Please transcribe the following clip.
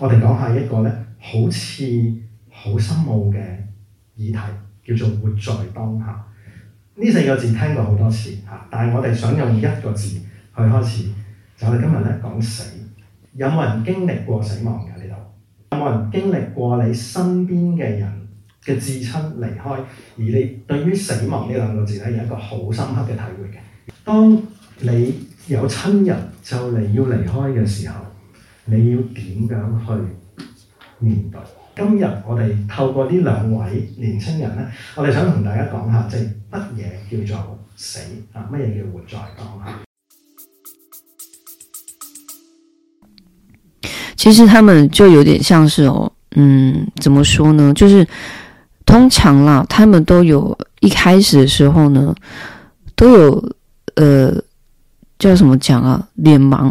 我哋講下一個呢，好似好深奧嘅議題，叫做活在當下。呢四個字聽過好多次，但係我哋想用一個字去開始。就我、係、今日呢，講死，有冇人經歷過死亡㗎？呢度有冇人經歷過你身邊嘅人嘅至親離開，而你對於死亡呢兩個字呢，有一個好深刻嘅體會嘅？當你有親人就嚟要離開嘅時候。你要點樣去面對？今日我哋透過呢兩位年輕人咧，我哋想同大家講下，即係乜嘢叫做死啊？乜嘢叫活在當下？其實他們就有點像是哦，嗯，怎麼說呢？就是通常啦，他們都有一開始嘅時候呢，都有呃叫什麼講啊？臉盲。